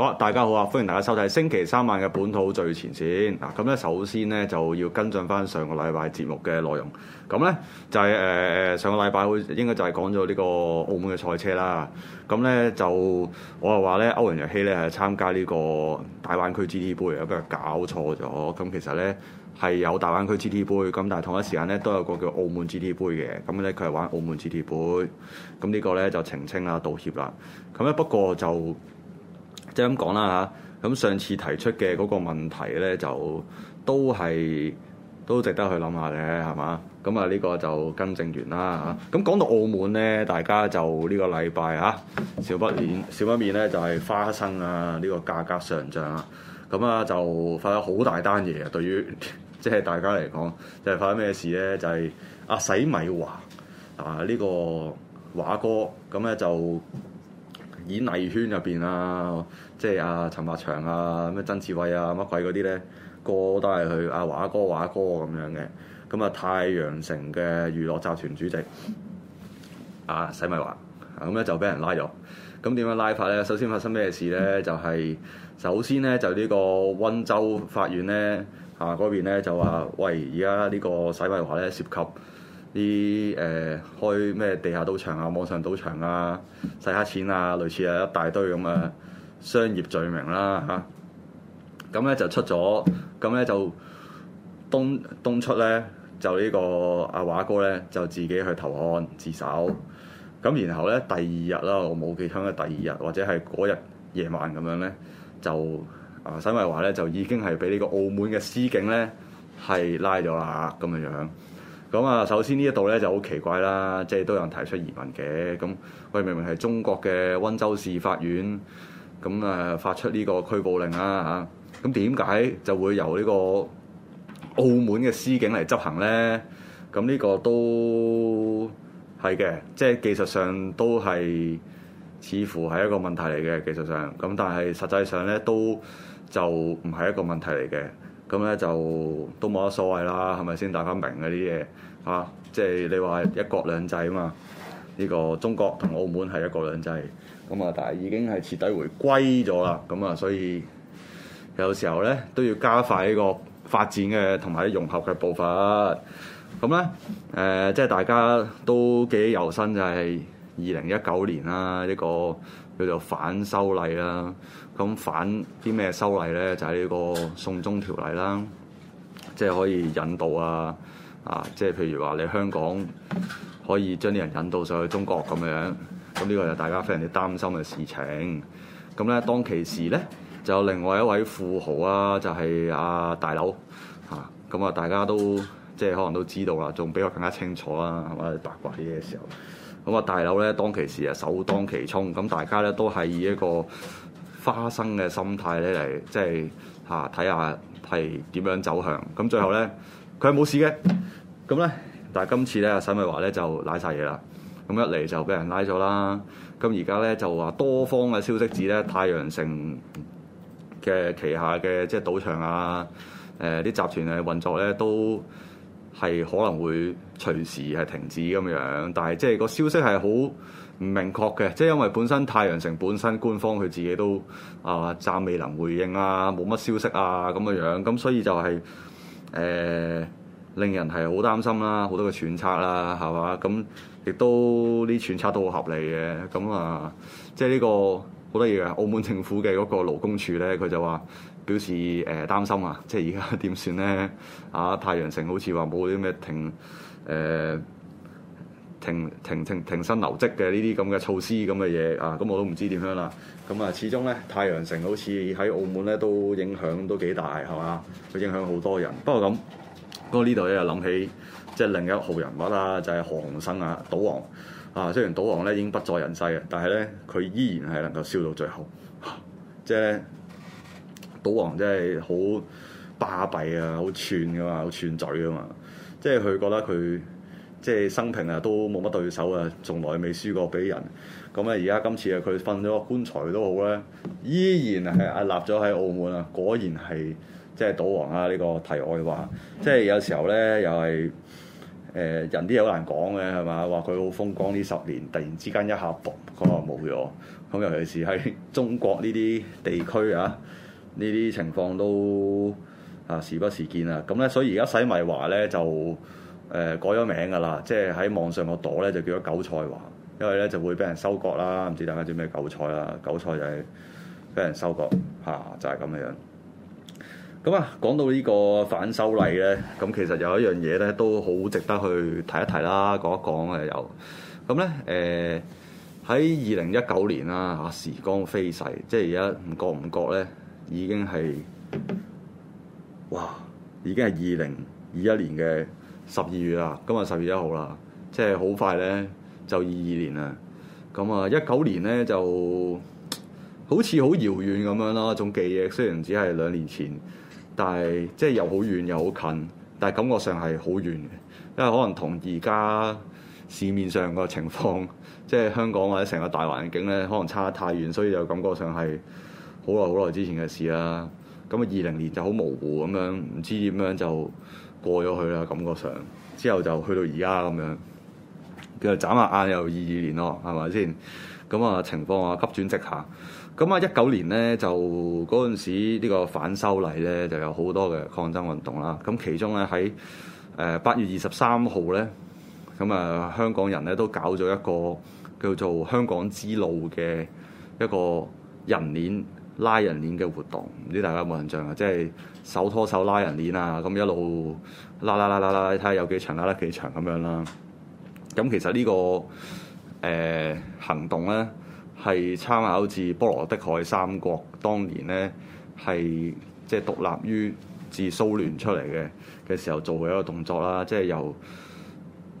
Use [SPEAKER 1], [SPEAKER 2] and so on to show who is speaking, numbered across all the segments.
[SPEAKER 1] 好，大家好啊！歡迎大家收睇星期三晚嘅本土最前線。嗱，咁咧首先咧就要跟進翻上個禮拜節目嘅內容。咁咧就係誒誒上個禮拜應該就係講咗呢個澳門嘅賽車啦。咁咧就我話咧歐陽若希咧係參加呢個大灣區 GT 杯，不過搞錯咗。咁其實咧係有大灣區 GT 杯，咁但係同一時間咧都有個叫澳門 GT 杯嘅。咁咧佢係玩澳門 GT 杯。咁呢個咧就澄清啦、道歉啦。咁咧不過就。即咁講啦嚇，咁上次提出嘅嗰個問題咧，就都係都值得去諗下嘅，係嘛？咁啊呢個就更正完啦嚇。咁、啊啊、講到澳門咧，大家就呢個禮拜嚇，少不免，少不免咧就係、是、花生啊呢、這個價格上漲啊。咁啊就發咗好大單嘢啊！對於即係大家嚟講，就係、是、發生咩事咧？就係、是、阿、啊、洗米華啊呢、這個華哥咁咧、啊、就。演藝圈入邊啊，即係啊陳百祥啊，咩曾志偉啊，乜鬼嗰啲咧，個都係佢啊華哥華哥咁樣嘅。咁啊，太陽城嘅娛樂集團主席啊洗米華，咁咧就俾人拉咗。咁點樣拉法咧？首先發生咩事咧？就係、是、首先咧就呢個溫州法院咧啊，嗰邊咧就話喂，而家呢個洗米華咧涉及。啲誒、呃、開咩地下賭場啊、網上賭場啊、洗黑錢啊，類似係一大堆咁嘅商業罪名啦、啊，嚇、啊！咁咧就出咗，咁咧就東東出咧，就呢個阿華哥咧就自己去投案自首，咁然後咧第二日啦，我冇記錯嘅第二日或者係嗰日夜晚咁樣咧，就啊洗米華咧就已經係俾呢個澳門嘅司警咧係拉咗啦咁嘅樣。咁啊，首先呢一度咧就好奇怪啦，即係都有人提出疑問嘅。咁喂，明明係中國嘅溫州市法院，咁啊發出呢個拘捕令啦嚇，咁點解就會由呢個澳門嘅司警嚟執行咧？咁呢個都係嘅，即係技術上都係似乎係一個問題嚟嘅技術上。咁但係實際上咧都就唔係一個問題嚟嘅。咁咧就都冇乜所謂啦，係咪先？大家明嗰啲嘢嚇，即係你話一國兩制啊嘛？呢個中國同澳門係一國兩制，咁啊，但係已經係徹底回歸咗啦，咁啊，所以有時候咧都要加快呢個發展嘅同埋融合嘅步伐。咁咧，誒、呃，即係大家都記憶猶新就係二零一九年啦，呢個。叫做反修例啦，咁反啲咩修例咧？就係呢個送中條例啦，即係可以引導啊，啊，即係譬如話你香港可以將啲人引導上去中國咁樣，咁呢個就大家非常之擔心嘅事情。咁咧，當其時咧，就有另外一位富豪啊，就係阿大佬，嚇，咁啊，大家都即係可能都知道啦，仲比我更加清楚啦，或者八卦啲嘅時候。咁啊，大佬咧，當其時啊，首當其衝。咁大家咧都係以一個花生嘅心態咧嚟，即係嚇睇下係點樣走向。咁最後咧，佢係冇事嘅。咁咧呢，但係今次咧，沈世華咧就拉晒嘢啦。咁一嚟就俾人拉咗啦。咁而家咧就話多方嘅消息指咧，太陽城嘅旗下嘅即係賭場啊，誒、呃、啲集團嘅運作咧都。係可能會隨時係停止咁樣，但係即係個消息係好唔明確嘅，即係因為本身太陽城本身官方佢自己都啊、呃、暫未能回應啊，冇乜消息啊咁嘅樣，樣，咁所以就係、是、誒、呃、令人係好擔心啦，好多嘅揣測啦，係嘛？咁亦都啲揣測都好合理嘅，咁啊，即係呢、這個好得意嘅。澳門政府嘅嗰個勞工處咧，佢就話。表示誒、呃、擔心啊！即係而家點算咧？啊，太陽城好似話冇啲咩停誒、呃、停停停停薪留職嘅呢啲咁嘅措施咁嘅嘢啊！咁我都唔知點樣啦。咁啊，始終咧，太陽城好似喺澳門咧都影響都幾大，係嘛？佢影響好多人。不過咁，不過呢度咧又諗起即係、就是、另一號人物啦，就係、是、何鴻燊啊，賭王啊。雖然賭王咧已經不在人世啊，但係咧佢依然係能夠笑到最後，即、啊、係。就是賭王真係好巴閉啊，好串噶嘛，好串嘴噶嘛，即係佢覺得佢即係生平啊都冇乜對手啊，從來未輸過俾人。咁啊，而家今次啊，佢瞓咗個棺材都好啦，依然係屹立咗喺澳門啊，果然係即係賭王啊！呢、這個題外話，即係有時候咧又係誒、呃、人啲好難講嘅係嘛，話佢好風光呢十年，突然之間一下搏個冇咗，咁尤其是喺中國呢啲地區啊。呢啲情況都啊時不時見啦，咁咧，所以而家洗米華咧就誒、呃、改咗名㗎啦，即係喺網上個朵咧就叫咗韭菜華，因為咧就會俾人收割啦。唔知大家知唔知咩韭菜啦？韭菜就係俾人收割嚇、啊，就係咁嘅樣。咁啊，講到呢個反修例咧，咁其實有一樣嘢咧都好值得去提一提啦，講一講嘅有咁咧誒喺二零一九年啦，啊時光飛逝，即係而家唔覺唔覺咧。已經係哇，已經係二零二一年嘅十二月啦，今日十二月一號啦，即係好快呢，就二二年啦。咁啊，一九年呢，就好似好遙遠咁樣啦，種記憶雖然只係兩年前，但係即係又好遠又好近，但係感覺上係好遠，因為可能同而家市面上個情況，即係香港或者成個大環境呢，可能差得太遠，所以就感覺上係。好耐好耐之前嘅事啦，咁啊，二零年就好模糊咁樣，唔知點樣就過咗去啦。感覺上之後就去到而家咁樣，佢就眨下眼又二二年咯，係咪先？咁啊，情況啊急轉直下。咁啊，一九年呢，就嗰陣時呢個反修例呢，就有好多嘅抗爭運動啦。咁其中呢，喺誒八月二十三號呢，咁啊香港人呢都搞咗一個叫做香港之路嘅一個人鏈。拉人鏈嘅活動，唔知大家有冇印象啊？即係手拖手拉人鏈啊，咁一路拉拉拉拉拉，睇下有幾長，拉得幾長咁樣啦。咁其實呢、呢個誒、呃、行動咧，係參考自波羅的海三國當年咧，係即係獨立於自蘇聯出嚟嘅嘅時候做嘅一個動作啦。即係由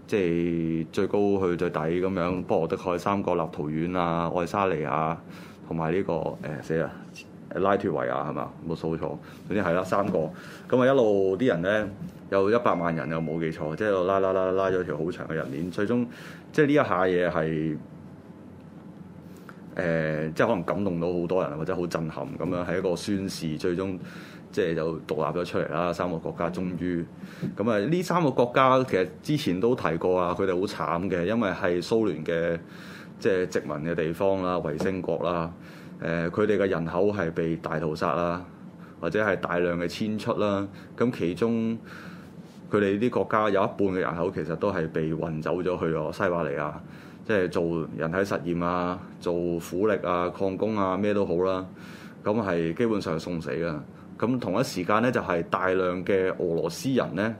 [SPEAKER 1] 即係、即係、最高去最底咁樣，波羅的海三國：立陶宛啊、愛沙尼亞、啊。同埋呢個誒死啦誒？拉脱維亞係嘛？冇數錯，總之係啦，三個咁啊一路啲人咧有一百萬人又冇記錯，即係拉拉拉拉咗條好長嘅人鏈，最終即係呢一下嘢係誒，即係可能感動到好多人，或者好震撼咁樣，係一個宣示，最終即係就獨立咗出嚟啦。三個國家終於咁啊！呢三個國家其實之前都提過啊，佢哋好慘嘅，因為係蘇聯嘅。即係殖民嘅地方啦、衛星國啦，誒佢哋嘅人口係被大屠殺啦，或者係大量嘅遷出啦。咁其中佢哋啲國家有一半嘅人口其實都係被運走咗去咗西伯利亞，即係做人體實驗啊、做苦力啊、礦工啊咩都好啦。咁係基本上送死㗎。咁同一時間呢，就係大量嘅俄羅斯人呢。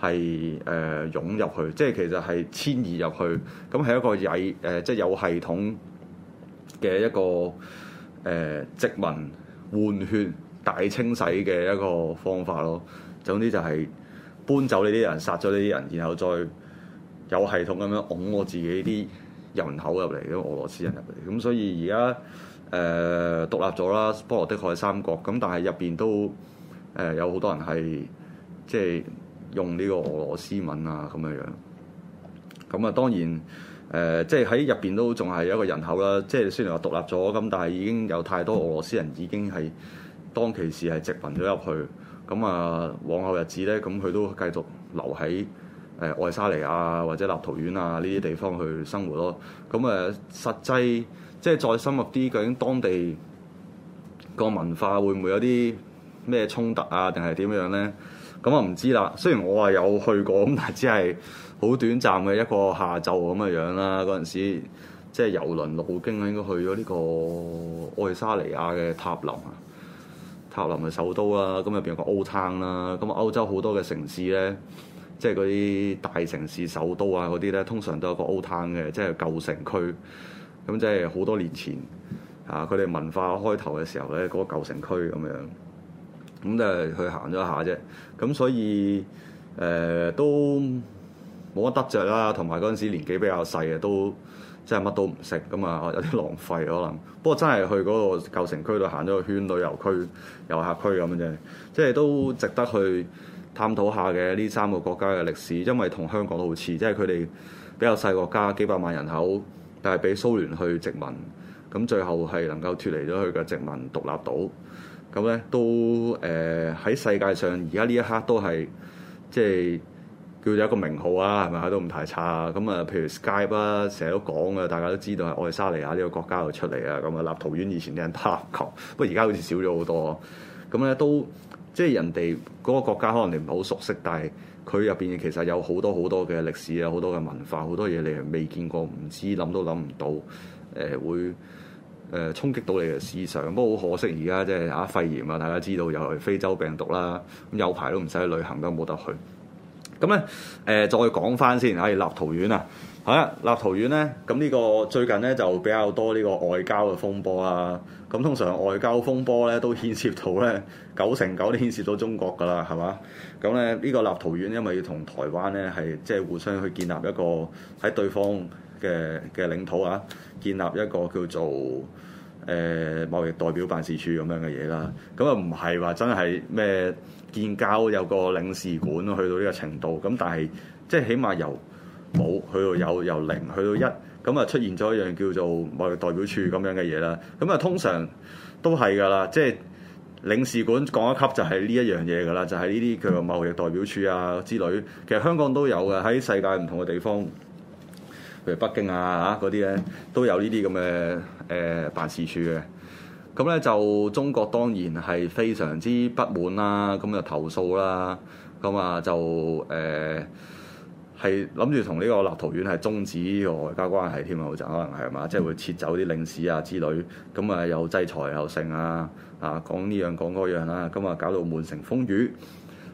[SPEAKER 1] 係誒、呃、湧入去，即係其實係遷移入去，咁係一個係誒，即係有系統嘅一個誒、呃、殖民換血大清洗嘅一個方法咯。總之就係搬走呢啲人，殺咗呢啲人，然後再有系統咁樣㧬我自己啲人口入嚟，咁俄羅斯人入嚟。咁、嗯、所以而家誒獨立咗啦，波羅的海三國，咁但係入邊都誒有好多人係即係。用呢個俄羅斯文啊咁嘅樣，樣，咁啊當然誒、呃，即係喺入邊都仲係有一個人口啦。即係雖然話獨立咗，咁但係已經有太多俄羅斯人已經係當其時係殖民咗入去。咁啊往後日子咧，咁佢都繼續留喺誒愛沙尼啊或者立陶宛啊呢啲地方去生活咯、啊。咁啊實際即係再深入啲，究竟當地個文化會唔會有啲咩衝突啊，定係點樣咧？咁我唔知啦。雖然我話有去過，咁但係只係好短暫嘅一個下晝咁嘅樣啦。嗰陣時即係遊輪路經，應該去咗呢個愛沙尼亞嘅塔林啊。塔林係首都啦。咁入邊有個 Old Town 啦。咁啊，歐洲好多嘅城市咧，即係嗰啲大城市首都啊，嗰啲咧通常都有一個 Old Town 嘅，即係舊城區。咁即係好多年前啊，佢哋文化開頭嘅時候咧，嗰個舊城區咁樣。咁就去行咗一下啫，咁所以誒、呃、都冇乜得着啦，同埋嗰陣時年紀比較細嘅，都即係乜都唔識噶嘛，有啲浪費可能。不過真係去嗰個舊城區度行咗個圈，旅遊區、遊客區咁啫，即係都值得去探討下嘅呢三個國家嘅歷史，因為同香港都好似，即係佢哋比較細國家，幾百萬人口，但係俾蘇聯去殖民，咁最後係能夠脱離咗佢嘅殖民獨立到。咁咧都誒喺、呃、世界上而家呢一刻都係即係叫做一個名號啊，係咪喺度唔太差。啊。咁啊，譬如 Skype 啊，成日都講嘅，大家都知道係愛沙尼亞呢個國家度出嚟啊。咁啊，立陶宛以前啲人打籃球，不過而家好似少咗好多。咁咧都即係人哋嗰個國家可能你唔係好熟悉，但係佢入邊其實有好多好多嘅歷史啊，好多嘅文化，好多嘢你係未見過，唔知諗都諗唔到誒、呃、會，誒、呃、衝擊到你嘅市場，不過好可惜而家即係啊肺炎啊！大家知道又係非洲病毒啦，咁、嗯、有排都唔使去旅行都冇得去。咁咧誒，再講翻先，係、哎、立陶宛啊，係啦、啊，立陶宛呢，咁呢個最近呢就比較多呢個外交嘅風波啊。咁通常外交風波呢都牽涉到呢九成九都牽涉到中國㗎啦，係嘛？咁咧呢、呢個立陶宛因為要同台灣呢係即係互相去建立一個喺對方嘅嘅領土啊，建立一個叫做誒、呃、貿易代表辦事處咁樣嘅嘢啦。咁啊唔係話真係咩建交有個領事館去到呢個程度。咁但係即係起碼由冇去到有，由零去到一，咁啊出現咗一樣叫做貿易代表處咁樣嘅嘢啦。咁啊通常都係㗎啦，即係領事館降一級就係呢一樣嘢㗎啦，就係呢啲叫做貿易代表處啊之類。其實香港都有嘅，喺世界唔同嘅地方。譬如北京啊嚇嗰啲咧都有呢啲咁嘅誒辦事處嘅，咁咧就中國當然係非常之不滿啦，咁就投訴啦，咁啊就誒係諗住同呢個立陶宛係終止外交關係添啊，好，就可能係嘛，即係會撤走啲領事啊之類，咁啊又制裁又剩啊，啊講呢樣講嗰樣啦，咁啊搞到滿城風雨。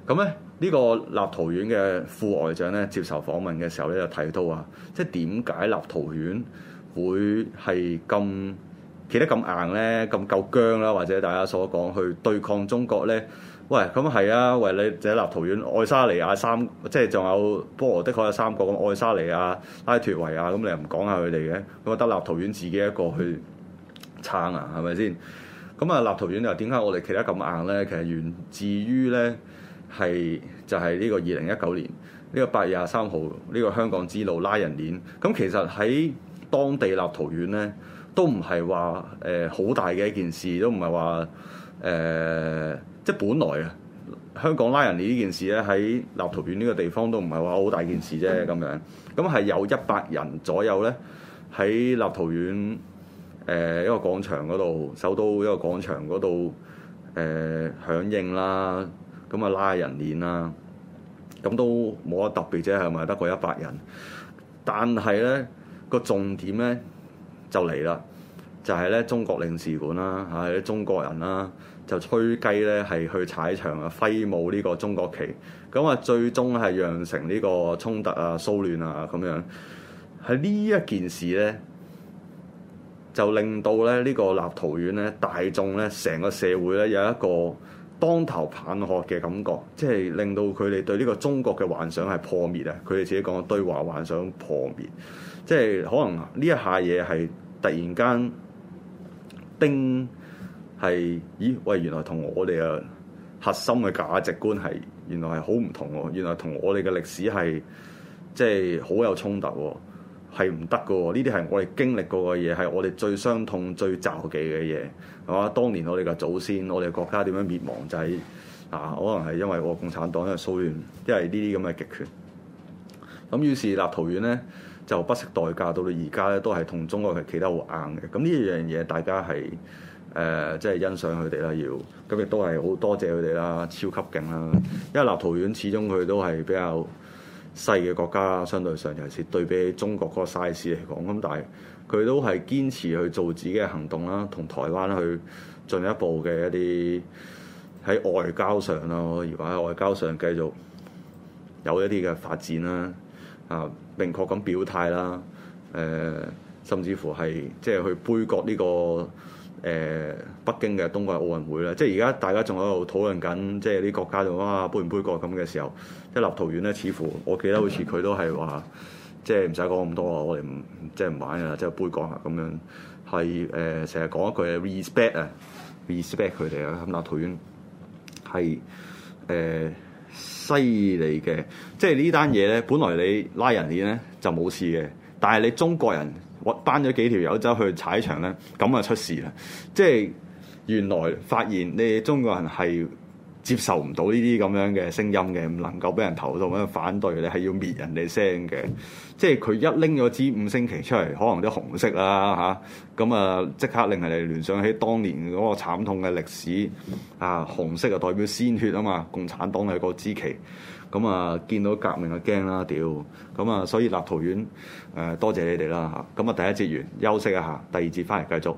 [SPEAKER 1] 咁咧，呢、這個立陶宛嘅副外長咧接受訪問嘅時候咧，就提到話，即係點解立陶宛會係咁企得咁硬咧，咁夠僵啦，或者大家所講去對抗中國咧？喂，咁啊係啊，喂，你者立陶宛、愛沙尼亞三，即係仲有波羅的海有三個咁愛沙尼亞、拉脫維亞、啊，咁你又唔講下佢哋嘅？我覺得立陶宛自己一個去撐啊，係咪先？咁啊，立陶宛又點解我哋企得咁硬咧？其實源自於咧。係就係、是、呢個二零一九年呢、呢個八月廿三號呢、呢個香港之路拉人鏈。咁其實喺當地立陶宛呢，都唔係話誒好大嘅一件事，都唔係話誒即係本來啊香港拉人鏈呢件事咧喺立陶宛呢個地方都唔係話好大件事啫。咁樣咁係有一百人左右呢，喺立陶宛誒、呃、一個廣場嗰度，首都一個廣場嗰度誒響應啦。咁啊拉人鏈啦，咁都冇乜特別啫，係咪得過一百人？但係咧、呢個重點咧就嚟啦，就係咧、就是、中國領事館啦嚇、啊、中國人啦、啊，就吹雞咧係去踩場啊，揮舞呢個中國旗，咁啊最終係釀成呢個衝突啊、騷亂啊咁樣。喺呢一件事咧，就令到咧呢、這個立陶宛咧大眾咧成個社會咧有一個。當頭棒喝嘅感覺，即係令到佢哋對呢個中國嘅幻想係破滅啊！佢哋自己講對華幻想破滅，即係可能呢一下嘢係突然間，丁係，咦喂，原來同我哋嘅核心嘅價值觀係原來係好唔同喎，原來同原來我哋嘅歷史係即係好有衝突，係唔得噶喎！呢啲係我哋經歷過嘅嘢，係我哋最傷痛、最詛咒嘅嘢，係嘛？當年我哋嘅祖先，我哋國家點樣滅亡，就係，就係啊，可能係因為我共產黨，因為蘇聯，因為呢啲咁嘅極權。咁於是立陶宛呢，就不惜代價，到到而家咧都係同中國係企得好硬嘅。咁呢樣嘢大家係誒即係欣賞佢哋啦，要咁亦都係好多謝佢哋啦，超級勁啦！因為立陶宛始終佢都係比較細嘅國家，相對上尤其是對比中國嗰個 size 嚟講，咁但係佢都係堅持去做自己嘅行動啦，同台灣去進一步嘅一啲喺外交上咯，如果喺外交上繼續有一啲嘅發展啦，啊，明確咁表態啦，誒、呃，甚至乎係即係去杯葛呢個。誒、呃、北京嘅冬季奧運會咧，即係而家大家仲喺度討論緊，即係啲國家就哇、啊、杯唔杯葛咁嘅時候，即係立陶宛咧，似乎我記得好似佢都係話，即係唔使講咁多啊，我哋唔即係唔玩啊，即係杯葛啊咁樣，係誒成日講一句 respect 啊，respect 佢哋啊，咁立陶宛係誒犀利嘅，即係呢單嘢咧，本來你拉人鏈咧就冇事嘅，但係你中國人。我搬咗幾條友走去踩場咧，咁啊出事啦！即係原來發現你哋中國人係。接受唔到呢啲咁樣嘅聲音嘅，唔能夠俾人投訴咁樣反對，你係要滅人哋聲嘅。即係佢一拎咗支五星旗出嚟，可能啲紅色啦嚇，咁啊即刻令人哋聯想起當年嗰個慘痛嘅歷史啊！紅色就代表鮮血啊嘛，共產黨係個支旗，咁啊見到革命就驚啦屌，咁啊所以立陶宛誒、呃、多謝你哋啦嚇，咁啊第一節完休息一下，第二節翻嚟繼續。